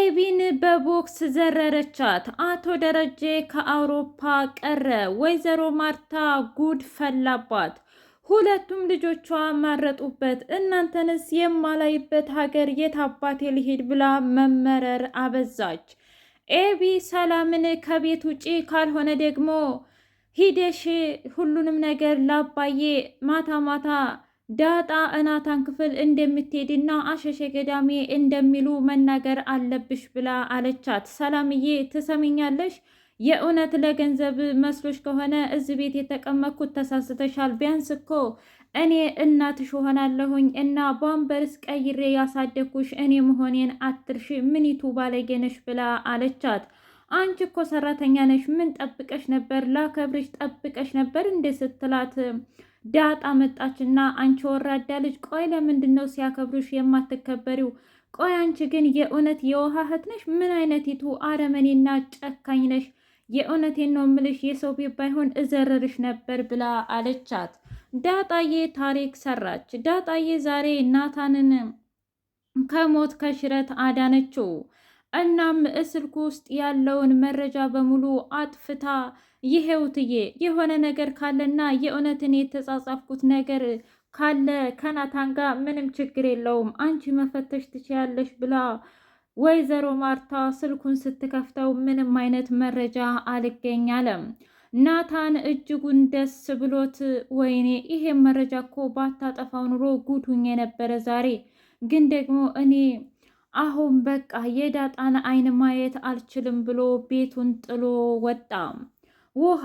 ኤቢን በቦክስ ዘረረቻት። አቶ ደረጀ ከአውሮፓ ቀረ። ወይዘሮ ማርታ ጉድ ፈላባት። ሁለቱም ልጆቿ መረጡበት እናንተንስ የማላይበት ሀገር የት አባቴ ልሂድ ብላ መመረር አበዛች። ኤቢ ሰላምን ከቤት ውጪ ካልሆነ ደግሞ ሂደሽ ሁሉንም ነገር ላባዬ ማታ ማታ ዳጣ እናታን ክፍል እንደምትሄድና አሸሸ ገዳሜ እንደሚሉ መናገር አለብሽ ብላ አለቻት። ሰላምዬ ትሰሚኛለሽ? የእውነት ለገንዘብ መስሎች ከሆነ እዚህ ቤት የተቀመጥኩት ተሳስተሻል። ቢያንስ እኮ እኔ እናትሽ ሆናለሁኝ እና ባንበርስ ቀይሬ ያሳደግኩሽ እኔ መሆኔን አትርሽ። ምኒቱ ባለጌነሽ ብላ አለቻት። አንቺ እኮ ሰራተኛ ነሽ። ምን ጠብቀሽ ነበር? ላከብርሽ ጠብቀሽ ነበር እንደ ስትላት ዳጣ መጣችና አንቺ ወራዳ ልጅ፣ ቆይ ለምንድን ነው ሲያከብሩሽ የማትከበሪው? ቆይ አንቺ ግን የእውነት የውሃ እህት ነሽ? ምን አይነቲቱ አረመኔና ጨካኝ ነሽ? የእውነቴን ነው ምልሽ፣ የሰው ቤት ባይሆን እዘረርሽ ነበር ብላ አለቻት። ዳጣዬ ታሪክ ሰራች። ዳጣዬ ዛሬ ናታንን ከሞት ከሽረት አዳነችው። እናም እስልኩ ውስጥ ያለውን መረጃ በሙሉ አጥፍታ ይሄውትዬ የሆነ ነገር ካለና የእውነትን የተጻጻፍኩት ነገር ካለ ከናታን ጋር ምንም ችግር የለውም አንቺ መፈተሽ ትችያለሽ ብላ ወይዘሮ ማርታ ስልኩን ስትከፍተው ምንም አይነት መረጃ አልገኝ አለም። ናታን እጅጉን ደስ ብሎት ወይኔ ይሄን መረጃ እኮ ባታጠፋው ኑሮ ጉዱኝ የነበረ ዛሬ ግን ደግሞ እኔ አሁን በቃ የዳጣን አይን ማየት አልችልም ብሎ ቤቱን ጥሎ ወጣ። ውሃ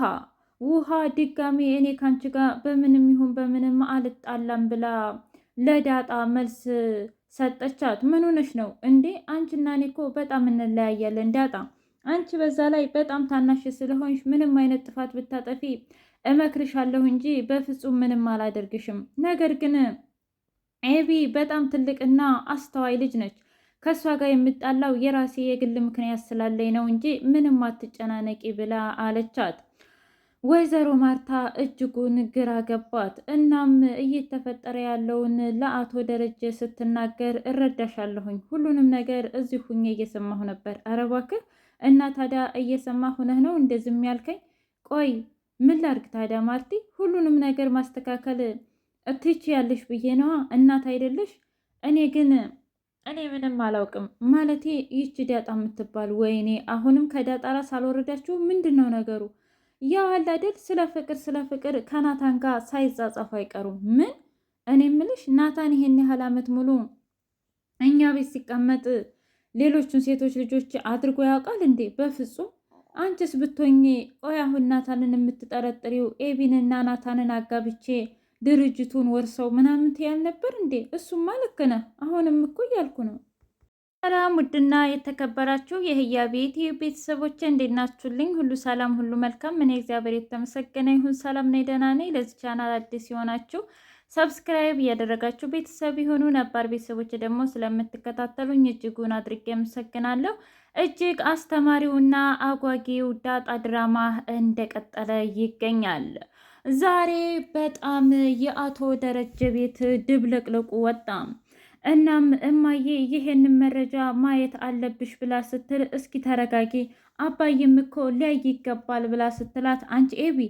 ውሃ ድጋሚ እኔ ካንቺ ጋር በምንም ይሁን በምንም አልጣላም ብላ ለዳጣ መልስ ሰጠቻት። ምን ሆነሽ ነው እንዴ? አንቺና እኔ እኮ በጣም እንለያያለን ዳጣ። አንቺ በዛ ላይ በጣም ታናሽ ስለሆንሽ ምንም አይነት ጥፋት ብታጠፊ እመክርሻለሁ እንጂ በፍጹም ምንም አላደርግሽም። ነገር ግን ኤቢ በጣም ትልቅና አስተዋይ ልጅ ነች። ከእሷ ጋር የምጣላው የራሴ የግል ምክንያት ስላለኝ ነው እንጂ ምንም አትጨናነቂ ብላ አለቻት። ወይዘሮ ማርታ እጅጉን ግራ ገባት። እናም እየተፈጠረ ያለውን ለአቶ ደረጀ ስትናገር እረዳሻለሁኝ፣ ሁሉንም ነገር እዚህ ሁኜ እየሰማሁ ነበር። ኧረ እባክህ እና ታዲያ እየሰማ ሁነህ ነው እንደዝም ያልከኝ? ቆይ ምን ላርግ ታዲያ ማርቲ? ሁሉንም ነገር ማስተካከል እትች ያለሽ ብዬ ነዋ እናት አይደለሽ? እኔ ግን እኔ ምንም አላውቅም ማለቴ ይህች ዳጣ የምትባል ወይኔ፣ አሁንም ከዳጣ ራስ አልወረዳችሁ። ምንድን ነው ነገሩ? ያው አላደል ስለ ፍቅር ስለ ፍቅር ከናታን ጋር ሳይጻጻፉ አይቀሩም። ምን እኔ ምልሽ ናታን ይሄን ያህል አመት ሙሉ እኛ ቤት ሲቀመጥ ሌሎቹን ሴቶች ልጆች አድርጎ ያውቃል እንዴ? በፍጹም። አንቺስ ብትሆኚ ቆይ አሁን ናታንን የምትጠረጥሪው ኤቢንና ናታንን አጋብቼ ድርጅቱን ወርሰው ምናምን ያልነበር እንዴ? እሱማ ልክ ነህ። አሁንም እኮ እያልኩ ነው። ሰላም ውድና የተከበራችሁ የህያ ቤት ቤተሰቦች እንዴት ናችሁልኝ? ሁሉ ሰላም፣ ሁሉ መልካም። እኔ እግዚአብሔር የተመሰገነ ይሁን ሰላም ነኝ፣ ደህና ነኝ። ለዚህ ቻናል አዲስ ሲሆናችሁ ሰብስክራይብ እያደረጋችሁ ቤተሰብ የሆኑ ነባር ቤተሰቦች ደግሞ ስለምትከታተሉኝ እጅጉን አድርጌ አመሰግናለሁ። እጅግ አስተማሪውና አጓጊው ዳጣ ድራማ እንደቀጠለ ይገኛል። ዛሬ በጣም የአቶ ደረጀ ቤት ድብልቅልቁ ወጣ። እናም እማዬ ይሄንን መረጃ ማየት አለብሽ ብላ ስትል እስኪ ተረጋጊ፣ አባዬም እኮ ሊያይ ይገባል ብላ ስትላት፣ አንቺ ኤቢ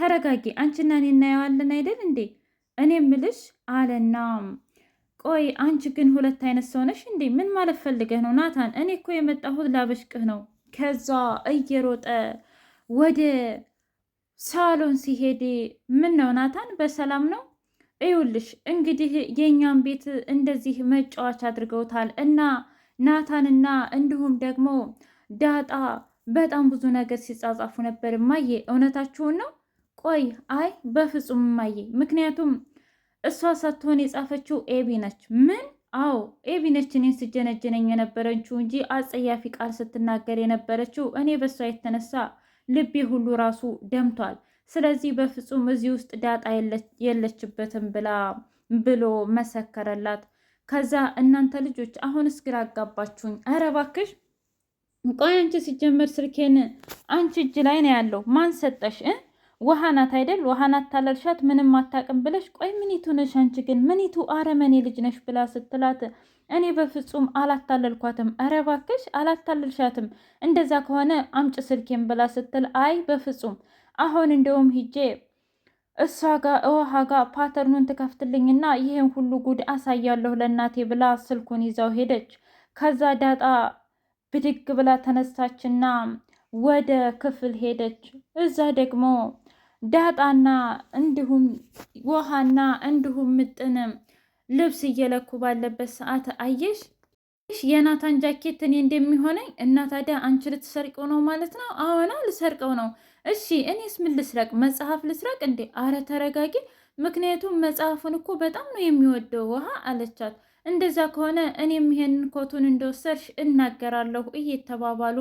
ተረጋጊ፣ አንቺና እኔ እናየዋለን አይደል እንዴ? እኔ ምልሽ አለና ቆይ አንቺ ግን ሁለት አይነት ሰው ነሽ እንዴ? ምን ማለት ፈልገህ ነው ናታን? እኔ እኮ የመጣሁት ላበሽቅህ ነው። ከዛ እየሮጠ ወደ ሳሎን ሲሄድ ምን ነው ናታን፣ በሰላም ነው? እዩልሽ እንግዲህ የኛን ቤት እንደዚህ መጫወቻ አድርገውታል እና ናታንና እንዲሁም ደግሞ ዳጣ በጣም ብዙ ነገር ሲጻጻፉ ነበር። እማዬ እውነታችሁን ነው? ቆይ አይ በፍጹም እማዬ፣ ምክንያቱም እሷ ሳትሆን የጻፈችው ኤቢ ነች። ምን? አዎ ኤቢ ነች እኔን ስጀነጀነኝ የነበረችው እንጂ አጸያፊ ቃል ስትናገር የነበረችው እኔ በእሷ የተነሳ ልቤ ሁሉ ራሱ ደምቷል። ስለዚህ በፍጹም እዚህ ውስጥ ዳጣ የለችበትም ብላ ብሎ መሰከረላት። ከዛ እናንተ ልጆች አሁንስ ግራ አጋባችሁኝ። ኧረ እባክሽ ቆይ አንቺ ሲጀመር ስልኬን አንቺ እጅ ላይ ነው ያለው ማን ሰጠሽ? ውሃናት አይደል ውሃናት ታለልሻት ምንም አታውቅም ብለሽ ቆይ ምኒቱ ነሽ አንቺ ግን ምኒቱ አረመኔ ልጅ ነሽ ብላ ስትላት እኔ በፍጹም አላታለልኳትም፣ ኧረ እባክሽ አላታለልሻትም፣ እንደዛ ከሆነ አምጭ ስልኬን ብላ ስትል አይ በፍጹም አሁን እንደውም ሂጄ እሷ ጋ እውሃ ጋ ፓተርኑን ትከፍትልኝና ይህን ሁሉ ጉድ አሳያለሁ ለእናቴ ብላ ስልኩን ይዛው ሄደች። ከዛ ዳጣ ብድግ ብላ ተነሳችና ወደ ክፍል ሄደች። እዛ ደግሞ ዳጣና እንዲሁም ውሃና እንዲሁም ምጥን ልብስ እየለኩ ባለበት ሰዓት አየሽ የናታን ጃኬት እኔ እንደሚሆነኝ እና ታዲያ አንቺ ልትሰርቀው ነው ማለት ነው? አዎና ልሰርቀው ነው። እሺ እኔስ ምን ልስረቅ? መጽሐፍ ልስረቅ እንዴ? አረ ተረጋጊ። ምክንያቱም መጽሐፉን እኮ በጣም ነው የሚወደው ውሃ አለቻት። እንደዛ ከሆነ እኔም ይሄንን ኮቱን እንደወሰድሽ እናገራለሁ እየተባባሉ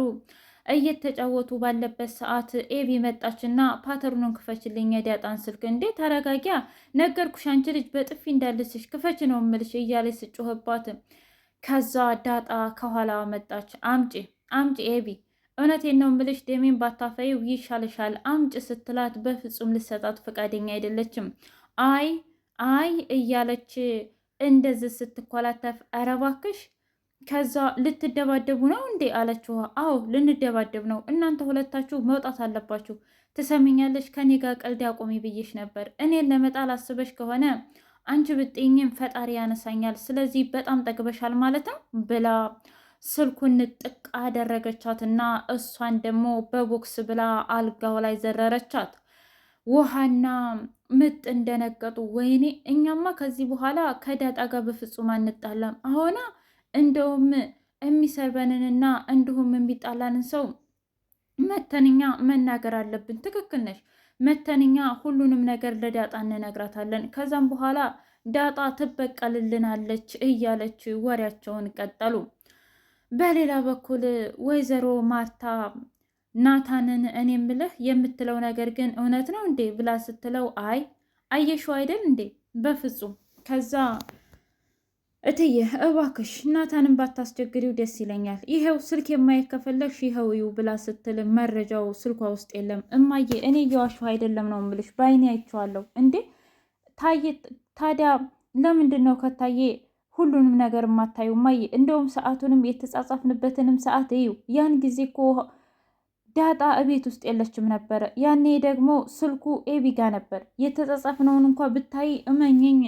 እየተጫወቱ ባለበት ሰዓት ኤቢ መጣችና ፓተርኑን ክፈችልኝ፣ የዲያጣን ስልክ እንዴ ተረጋጊያ፣ ነገርኩሽ አንቺ ልጅ በጥፊ እንዳልስሽ ክፈች ነው ምልሽ እያለች ስጮህባት፣ ከዛ ዳጣ ከኋላ መጣች። አምጪ አምጪ ኤቢ እውነቴን ነው ምልሽ፣ ደሜን ባታፈይው ይሻልሻል፣ አምጭ ስትላት በፍጹም ልሰጣት ፈቃደኛ አይደለችም። አይ አይ እያለች እንደዚህ ስትኮላተፍ፣ ኧረ እባክሽ ከዛ ልትደባደቡ ነው እንዴ አለችዋ። አዎ ልንደባደብ ነው። እናንተ ሁለታችሁ መውጣት አለባችሁ። ትሰሚኛለሽ? ከኔ ጋር ቀልድ አቆሚ ብዬሽ ነበር። እኔን ለመጣል አስበሽ ከሆነ አንቺ ብጤኝም ፈጣሪ ያነሳኛል። ስለዚህ በጣም ጠግበሻል ማለት ነው ብላ ስልኩን ጥቅ እና እሷን ደግሞ በቦክስ ብላ አልጋው ላይ ዘረረቻት። ውሃና ምጥ እንደነቀጡ ወይኔ እኛማ ከዚህ በኋላ ከዳጣ ጋር በፍጹም አንጣላም አሁና እንደውም የሚሰበንንና እንዲሁም የሚጣላንን ሰው መተንኛ መናገር አለብን። ትክክል ነሽ። መተንኛ ሁሉንም ነገር ለዳጣ እንነግራታለን። ከዛም በኋላ ዳጣ ትበቀልልናለች እያለች ወሬያቸውን ቀጠሉ። በሌላ በኩል ወይዘሮ ማርታ ናታንን እኔ ምልህ የምትለው ነገር ግን እውነት ነው እንዴ ብላ ስትለው አይ አየሽው አይደል እንዴ በፍጹም ከዛ እትዬ እባክሽ ናታንን ባታስቸግሪው ደስ ይለኛል። ይሄው ስልክ የማየት ይኸው ይው ብላ ስትል መረጃው ስልኳ ውስጥ የለም። እማዬ እኔ እየዋሸሁ አይደለም ነው የምልሽ፣ በአይኔ አይቼዋለሁ። እንዴ ታዬ፣ ታዲያ ለምንድን ነው ከታዬ ሁሉንም ነገር የማታዩ? እማዬ እንደውም ሰዓቱንም የተጻጻፍንበትንም ሰዓት እዩ። ያን ጊዜ እኮ ዳጣ እቤት ውስጥ የለችም ነበረ። ያኔ ደግሞ ስልኩ ኤቢጋ ነበር። የተጻጻፍነውን እንኳ ብታይ እመኝኝ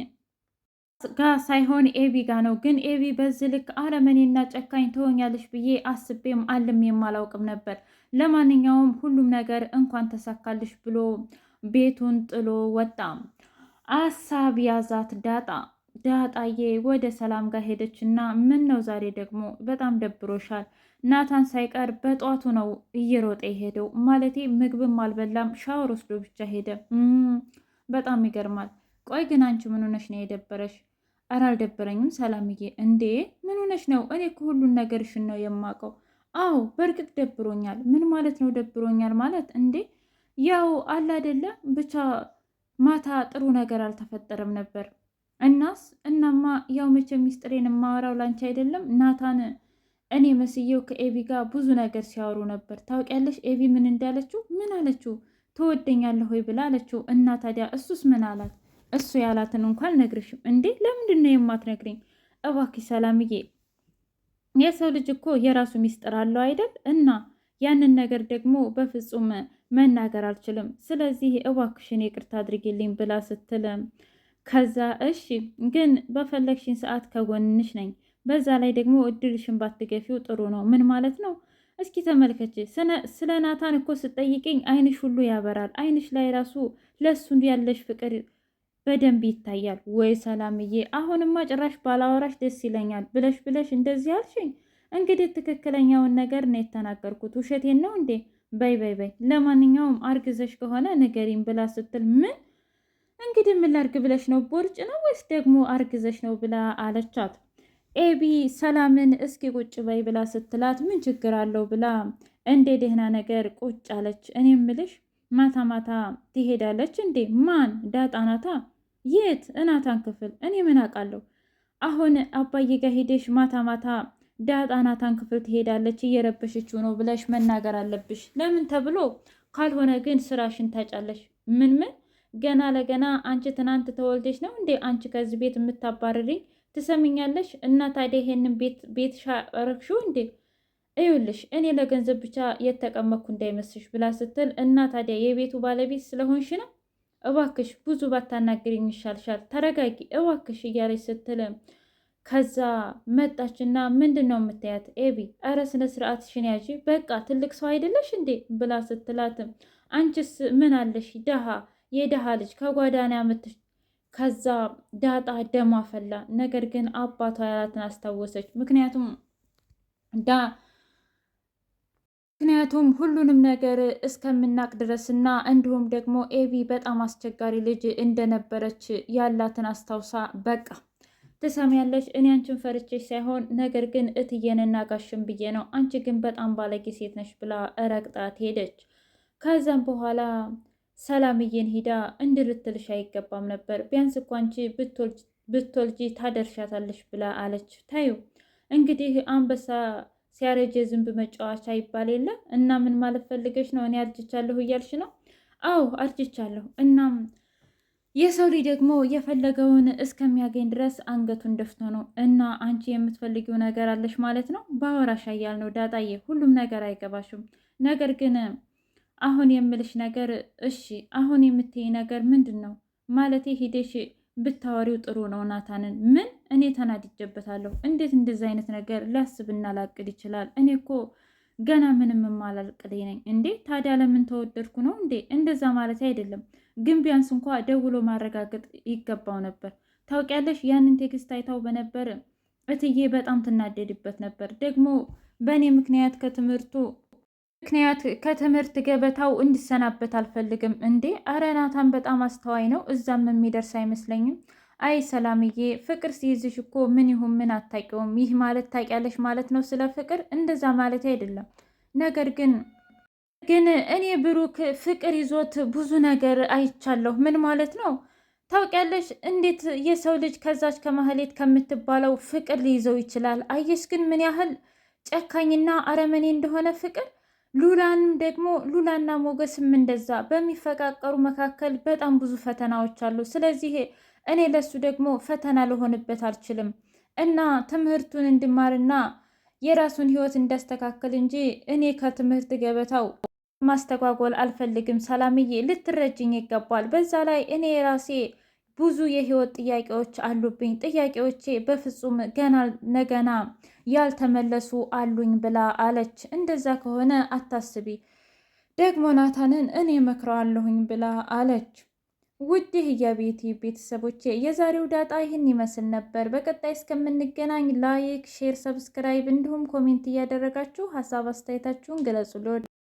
ጋ ሳይሆን ኤቢ ጋ ነው። ግን ኤቢ በዚህ ልክ አረመኔና ጨካኝ ትሆኛለሽ ብዬ አስቤም አልም የማላውቅም ነበር። ለማንኛውም ሁሉም ነገር እንኳን ተሳካልሽ ብሎ ቤቱን ጥሎ ወጣ። አሳብ ያዛት ዳጣ። ዳጣዬ ወደ ሰላም ጋር ሄደች እና ምን ነው ዛሬ ደግሞ በጣም ደብሮሻል? ናታን ሳይቀር በጧቱ ነው እየሮጠ የሄደው። ማለቴ ምግብም አልበላም፣ ሻወር ወስዶ ብቻ ሄደ። በጣም ይገርማል። ቆይ ግን አንቺ ምን ሆነሽ ነው የደበረሽ? ኧረ አልደበረኝም ሰላምዬ። እንዴ ምን ሆነሽ ነው? እኔ እኮ ሁሉን ነገርሽን ነው የማውቀው። አዎ በእርግጥ ደብሮኛል። ምን ማለት ነው ደብሮኛል ማለት? እንዴ ያው አለ አይደለ ብቻ ማታ ጥሩ ነገር አልተፈጠረም ነበር። እናስ እናማ ያው መቼ ሚስጥሬን የማወራው ላንቺ አይደለም። ናታን እኔ መስየው ከኤቢ ጋር ብዙ ነገር ሲያወሩ ነበር። ታውቂያለሽ ኤቢ ምን እንዳለችው? ምን አለችው? ትወደኛለህ ወይ ብላ አለችው። እና ታዲያ እሱስ ምን አላት? እሱ ያላትን እንኳን አልነግርሽም እንዴ? ለምንድን ነው የማትነግሪኝ? እባክሽ ሰላምዬ፣ የሰው ልጅ እኮ የራሱ ሚስጥር አለው አይደል? እና ያንን ነገር ደግሞ በፍጹም መናገር አልችልም። ስለዚህ እባክሽን ይቅርታ አድርጌልኝ ብላ ስትልም ከዛ እሺ፣ ግን በፈለግሽን ሰዓት ከጎንሽ ነኝ። በዛ ላይ ደግሞ እድልሽን ባትገፊው ጥሩ ነው። ምን ማለት ነው? እስኪ ተመልከች። ስለ ናታን እኮ ስጠይቅኝ አይንሽ ሁሉ ያበራል። አይንሽ ላይ ራሱ ለሱ ያለሽ ፍቅር በደንብ ይታያል። ወይ ሰላምዬ፣ አሁንማ ጭራሽ ባላወራሽ ደስ ይለኛል። ብለሽ ብለሽ እንደዚህ አልሽኝ። እንግዲህ ትክክለኛውን ነገር ነው የተናገርኩት። ውሸቴን ነው እንዴ? በይ በይ በይ፣ ለማንኛውም አርግዘሽ ከሆነ ንገሪኝ ብላ ስትል ምን እንግዲህ ምን ላርግ ብለሽ ነው? ቦርጭ ነው ወይስ ደግሞ አርግዘሽ ነው ብላ አለቻት። ኤቢ ሰላምን እስኪ ቁጭ በይ ብላ ስትላት ምን ችግር አለው ብላ እንዴ ደህና ነገር ቁጭ አለች። እኔ ምልሽ ማታ ማታ ትሄዳለች እንዴ? ማን ዳጣናታ የት እናታን ክፍል እኔ ምን አውቃለሁ? አሁን አባዬ ጋር ሄደሽ ማታ ማታ ዳጣ ናታን ክፍል ትሄዳለች እየረበሸችው ነው ብለሽ መናገር አለብሽ። ለምን ተብሎ ካልሆነ ግን ስራሽን ታጫለሽ። ምን ምን ገና ለገና አንቺ ትናንት ተወልደሽ ነው እንዴ አንቺ ከዚህ ቤት የምታባረሪ? ትሰምኛለሽ? እና ታዲያ ይሄንን ቤት ሻረክሽው እንዴ? እዩልሽ እኔ ለገንዘብ ብቻ የተቀመኩ እንዳይመስሽ ብላ ስትል እና ታዲያ የቤቱ ባለቤት ስለሆንሽ ነው እባክሽ ብዙ ባታናግሪኝ ይሻልሻል፣ ተረጋጊ እባክሽ እያለች ስትልም ከዛ መጣችና ምንድን ነው የምታያት ኤቢ? ኧረ ስነ ስርዓት ሽንያዥ በቃ ትልቅ ሰው አይደለሽ እንዴ ብላ ስትላትም አንቺስ ምን አለሽ ደሃ የደሃ ልጅ ከጓዳና ያመትሽ ከዛ ዳጣ ደሟ ፈላ። ነገር ግን አባቷ ያላትን አስታወሰች። ምክንያቱም ዳ ምክንያቱም ሁሉንም ነገር እስከምናቅ ድረስ እና እንዲሁም ደግሞ ኤቢ በጣም አስቸጋሪ ልጅ እንደነበረች ያላትን አስታውሳ በቃ ትሰሚያለሽ፣ እኔ አንቺን ፈርቼ ሳይሆን ነገር ግን እትዬንና ጋሽን ብዬ ነው። አንቺ ግን በጣም ባለጌ ሴት ነሽ ብላ ረግጣት ሄደች። ከዛም በኋላ ሰላምዬን ሂዳ እንድልትልሽ አይገባም ነበር፣ ቢያንስ እኮ አንቺ ብትወልጂ ታደርሻታለሽ ብላ አለች። ታዩ እንግዲህ አንበሳ ሲያረጀ ዝንብ መጫወቻ ይባል የለ እና ምን ማለት ፈልገሽ ነው? እኔ አርጅቻለሁ እያልሽ ነው? አዎ አርጅቻለሁ። እናም የሰው ልጅ ደግሞ የፈለገውን እስከሚያገኝ ድረስ አንገቱን ደፍቶ ነው። እና አንቺ የምትፈልጊው ነገር አለሽ ማለት ነው። ባወራሽ እያል ነው ዳጣዬ፣ ሁሉም ነገር አይገባሽም። ነገር ግን አሁን የምልሽ ነገር እሺ፣ አሁን የምትይ ነገር ምንድን ነው? ማለቴ ሂደሽ ብታወሪው ጥሩ ነው ናታንን ምን እኔ ተናድጄበታለሁ። እንዴት እንደዚህ አይነት ነገር ሊያስብና ላቅድ ይችላል? እኔ እኮ ገና ምንም ማላልቅልኝ ነኝ እንዴ። ታዲያ ለምን ተወደድኩ ነው እንዴ? እንደዛ ማለት አይደለም፣ ግን ቢያንስ እንኳ ደውሎ ማረጋገጥ ይገባው ነበር። ታውቂያለሽ፣ ያንን ቴክስት አይታው በነበር እትዬ በጣም ትናደድበት ነበር። ደግሞ በእኔ ምክንያት ከትምህርቱ ምክንያት ከትምህርት ገበታው እንዲሰናበት አልፈልግም። እንዴ አረ ናታን በጣም አስተዋይ ነው፣ እዛም የሚደርስ አይመስለኝም። አይ ሰላምዬ፣ ፍቅር ሲይዝሽ እኮ ምን ይሁን ምን አታውቂውም። ይህ ማለት ታውቂያለሽ ማለት ነው ስለ ፍቅር። እንደዛ ማለት አይደለም። ነገር ግን ግን እኔ ብሩክ ፍቅር ይዞት ብዙ ነገር አይቻለሁ። ምን ማለት ነው ታውቂያለሽ? እንዴት የሰው ልጅ ከዛች ከማህሌት ከምትባለው ፍቅር ሊይዘው ይችላል? አየሽ ግን ምን ያህል ጨካኝና አረመኔ እንደሆነ ፍቅር ሉላንም ደግሞ ሉላና ሞገስም እንደዛ በሚፈቃቀሩ መካከል በጣም ብዙ ፈተናዎች አሉ። ስለዚህ እኔ ለሱ ደግሞ ፈተና ልሆንበት አልችልም እና ትምህርቱን እንዲማርና የራሱን ህይወት እንዳስተካከል እንጂ እኔ ከትምህርት ገበታው ማስተጓጎል አልፈልግም። ሰላምዬ ልትረጅኝ ይገባል። በዛ ላይ እኔ ራሴ ብዙ የህይወት ጥያቄዎች አሉብኝ። ጥያቄዎቼ በፍጹም ገና ነገና ያልተመለሱ አሉኝ ብላ አለች። እንደዛ ከሆነ አታስቢ፣ ደግሞ ናታንን እኔ መክረዋለሁኝ ብላ አለች። ውድ ህያቤቲ ቤተሰቦቼ የዛሬው ዳጣ ይህን ይመስል ነበር። በቀጣይ እስከምንገናኝ ላይክ፣ ሼር፣ ሰብስክራይብ እንዲሁም ኮሜንት እያደረጋችሁ ሀሳብ አስተያየታችሁን ገለጹ።